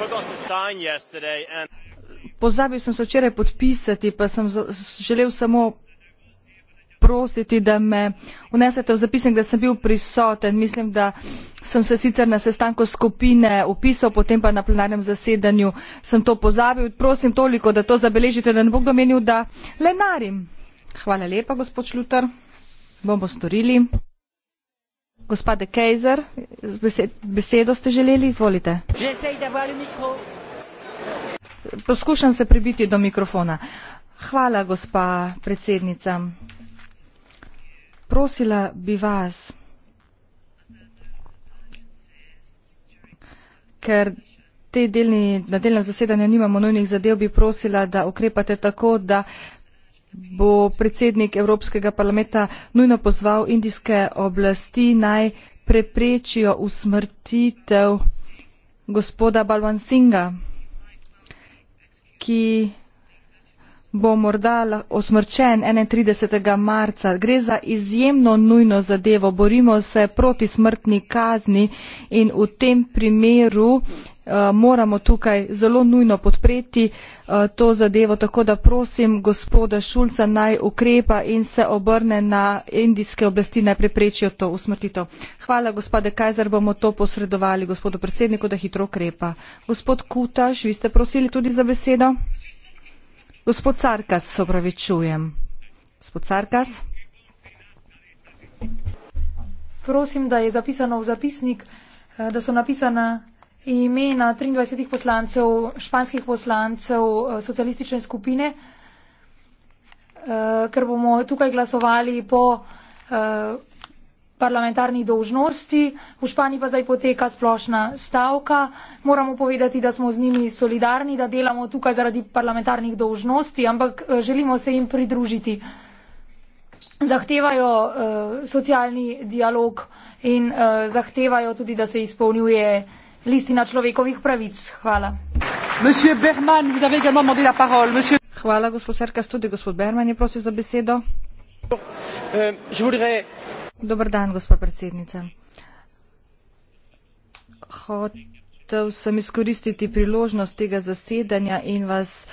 Uh, pozabil sem se včeraj podpisati, pa sem želel samo prositi, da me unesete v zapisnik, da sem bil prisoten. Mislim, da sem se sicer na sestanku skupine upisal, potem pa na plenarnem zasedanju sem to pozabil. Prosim toliko, da to zabeležite, da ne bo kdo menil, da lenarim. Hvala lepa, gospod Šluter. Bomo storili. Gospa de Kejzer, besedo ste želeli, izvolite. Poskušam se pribiti do mikrofona. Hvala, gospa predsednica. Prosila bi vas, ker te delni, na delnem zasedanju nimamo nujnih zadev, bi prosila, da ukrepate tako, da bo predsednik Evropskega parlamenta nujno pozval indijske oblasti naj preprečijo usmrtitev gospoda Balvan Singa, ki bo morda osmrčen 31. marca. Gre za izjemno nujno zadevo. Borimo se proti smrtni kazni in v tem primeru eh, moramo tukaj zelo nujno podpreti eh, to zadevo. Tako da prosim gospoda Šulca naj ukrepa in se obrne na indijske oblasti, naj preprečijo to usmrtitev. Hvala, gospode Kajzer, bomo to posredovali gospodu predsedniku, da hitro ukrepa. Gospod Kutaš, vi ste prosili tudi za besedo? Gospod Carkas, se opravičujem. Gospod Carkas? Prosim, da je zapisano v zapisnik, eh, da so napisana imena 23 poslancev, španskih poslancev eh, socialistične skupine, eh, ker bomo tukaj glasovali po parlamentarnih dolžnosti, v Španiji pa zdaj poteka splošna stavka. Moramo povedati, da smo z njimi solidarni, da delamo tukaj zaradi parlamentarnih dolžnosti, ampak eh, želimo se jim pridružiti. Zahtevajo uh, socialni dialog in uh, zahtevajo tudi, da se izpolnjuje listina človekovih pravic. Hvala. Berman, Monsieur... Hvala, gospod Serkas. Tudi gospod Berman je prosil za besedo. Uh, Dober dan, gospod predsednica. Hotev sem izkoristiti priložnost tega zasedanja in vas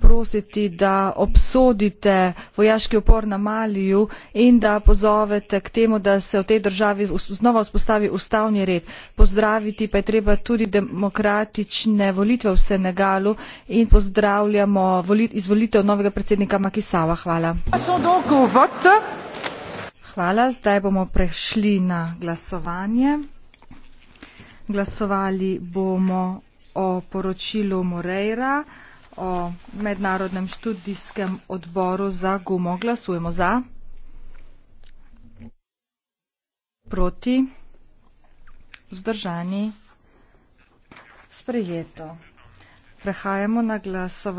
prositi, da obsodite vojaški upor na Maliju in da pozovete k temu, da se v tej državi znova vzpostavi ustavni red. Pozdraviti pa je treba tudi demokratične volitve v Senegalu in pozdravljamo izvolitev novega predsednika Makisava. Hvala. Hvala hvala. Zdaj bomo prešli na glasovanje. Glasovali bomo o poročilu Moreira, o mednarodnem študijskem odboru za gumo. Glasujemo za. Proti. Zdržani. Sprejeto. Prehajamo na glasovanje.